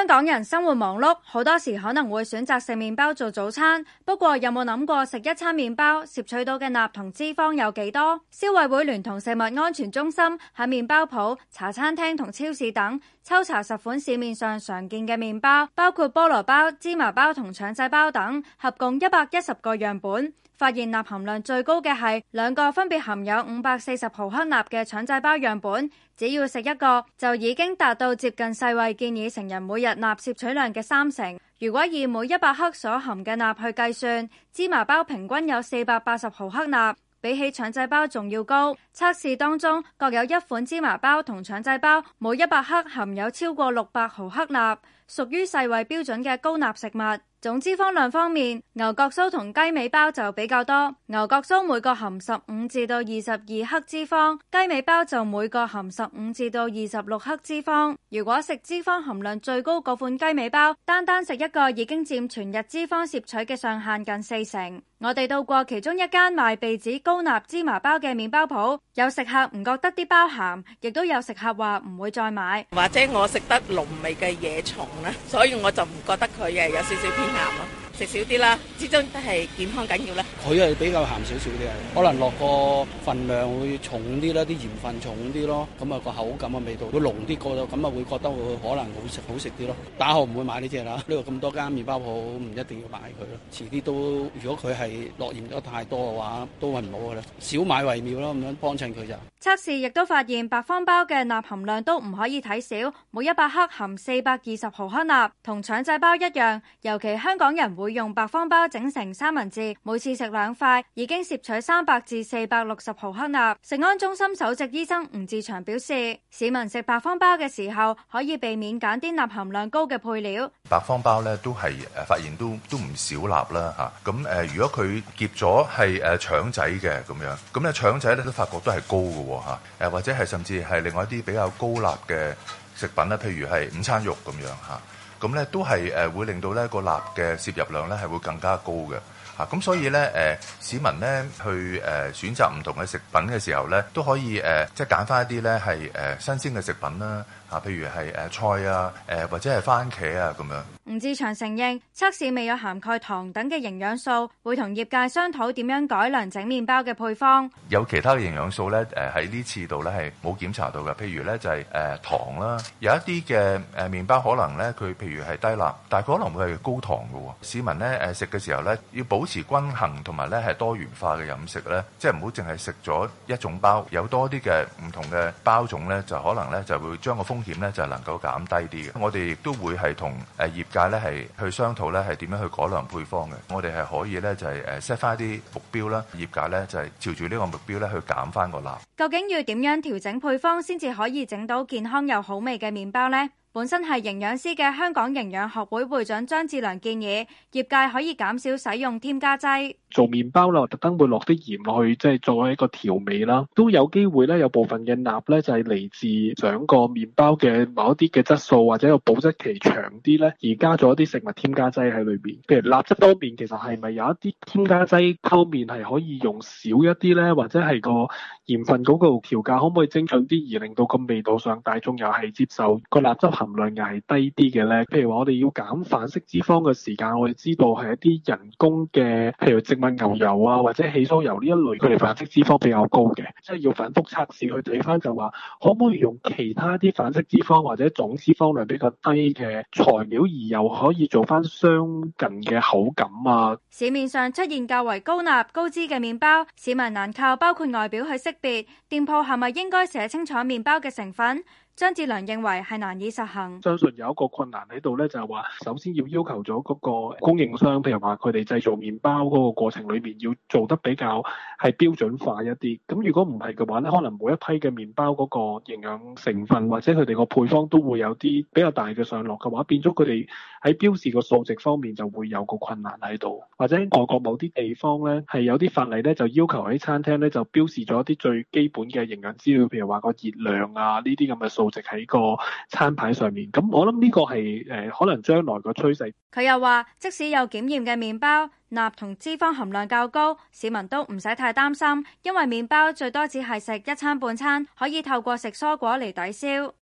香港人生活忙碌，好多時可能會選擇食麵包做早餐。不過有冇諗過食一餐麵包攝取到嘅鈉同脂肪有幾多？消委會聯同食物安全中心喺麵包鋪、茶餐廳同超市等抽查十款市面上常見嘅麵包，包括菠蘿包、芝麻包同腸仔包等，合共一百一十個樣本，發現鈉含量最高嘅係兩個分別含有五百四十毫克鈉嘅腸仔包樣本。只要食一個就已經達到接近世衛建議成人每日鈉攝取量嘅三成。如果以每一百克所含嘅鈉去計算，芝麻包平均有四百八十毫克鈉，比起腸仔包仲要高。測試當中，各有一款芝麻包同腸仔包每一百克含有超過六百毫克鈉，屬於世衛標準嘅高鈉食物。總脂肪量方面，牛角酥同雞尾包就比較多。牛角酥每個含十五至到二十二克脂肪，雞尾包就每個含十五至到二十六克脂肪。如果食脂肪含量最高嗰款雞尾包，單單食一個已經佔全日脂肪攝取嘅上限近四成。我哋到過其中一間賣被指高鈉芝麻包嘅麵包鋪，有食客唔覺得啲包鹹，亦都有食客話唔會再買。或者我食得濃味嘅嘢重啦，所以我就唔覺得佢係有少少偏。食少啲啦，始終都係健康緊要啦。佢係比較鹹少少啲，可能落個份量會重啲啦，啲鹽分重啲咯，咁啊個口感嘅味道會濃啲，過度，咁啊會覺得會可能好食好食啲咯。打後唔會買呢隻啦，呢度咁多間麵包鋪，唔一定要買佢咯。遲啲都如果佢係落鹽得太多嘅話，都係唔好噶啦，少買為妙咯，咁樣幫襯佢就。測試亦都發現白方包嘅鈉含量都唔可以睇少，每一百克含四百二十毫克鈉，同腸仔包一樣。尤其香港人會用白方包整成三文治，每次食兩塊，已經攝取三百至四百六十毫克鈉。食安中心首席醫生吳志祥表示，市民食白方包嘅時候可以避免揀啲鈉含量高嘅配料。白方包呢都係誒，發現都都唔少鈉啦吓，咁、啊、誒、啊啊、如果佢夾咗係誒腸仔嘅咁樣，咁咧腸仔咧都發覺都係高喎。喎嚇，誒或者係甚至係另外一啲比較高鈉嘅食品啦，譬如係午餐肉咁樣嚇，咁咧都係誒會令到咧個鈉嘅攝入量咧係會更加高嘅嚇，咁所以咧誒市民咧去誒選擇唔同嘅食品嘅時候咧，都可以誒即係揀翻一啲咧係誒新鮮嘅食品啦。啊，譬如係菜啊，誒或者係番茄啊咁樣。吳志祥承認測試未有涵蓋糖等嘅營養素，會同業界商討點樣改良整麵包嘅配方。有其他嘅營養素咧，喺呢次度咧係冇檢查到嘅。譬如咧就係糖啦，有一啲嘅誒麵包可能咧佢譬如係低鈉，但係佢可能會係高糖嘅喎。市民咧食嘅時候咧要保持均衡同埋咧係多元化嘅飲食咧，即係唔好淨係食咗一種包，有多啲嘅唔同嘅包種咧就可能咧就會將個風風險咧就能夠減低啲嘅，我哋亦都會係同誒業界咧係去商討咧係點樣去改良配方嘅，我哋係可以咧就係誒 set 翻一啲目標啦，業界咧就係朝住呢個目標咧去減翻個鈉。究竟要點樣調整配方先至可以整到健康又好味嘅麵包咧？本身係營養師嘅香港營養學會會長張智良建議業界可以減少使用添加劑。做麵包啦，特登會落啲鹽落去，即係作為一個調味啦，都有機會咧，有部分嘅鈉咧就係嚟自兩個麵包嘅某一啲嘅質素或者有保質期長啲咧，而加咗一啲食物添加劑喺裏邊。譬如鈉質方面，其實係咪有一啲添加劑溝麵係可以用少一啲咧，或者係個鹽份嗰度調校可唔可以精準啲而令到個味道上大眾又係接受個鈉質。含量矮低啲嘅咧，譬如話我哋要減反式脂肪嘅時間，我哋知道係一啲人工嘅，譬如植物牛油啊，或者起酥油呢一類，佢哋反式脂肪比較高嘅，即係要反復測試去睇翻就話可唔可以用其他啲反式脂肪或者總脂肪量比較低嘅材料而又可以做翻相近嘅口感啊？市面上出現較為高鈉高脂嘅麵包，市民難靠包括外表去識別，店鋪係咪應該寫清楚麵包嘅成分？張志良認為係難以實行，相信有一個困難喺度咧，就係話首先要要求咗嗰個供應商，譬如話佢哋製造麵包嗰個過程裏面要做得比較係標準化一啲。咁如果唔係嘅話咧，可能每一批嘅麵包嗰個營養成分或者佢哋個配方都會有啲比較大嘅上落嘅話，變咗佢哋喺標示個數值方面就會有個困難喺度。或者外國某啲地方咧係有啲法例咧，就要求喺餐廳咧就標示咗一啲最基本嘅營養資料，譬如話個熱量啊呢啲咁嘅。倒植喺個餐牌上面，咁我諗呢個係誒可能將來個趨勢。佢又話，即使有檢驗嘅麵包鈉同脂肪含量較高，市民都唔使太擔心，因為麵包最多只係食一餐半餐，可以透過食蔬果嚟抵消。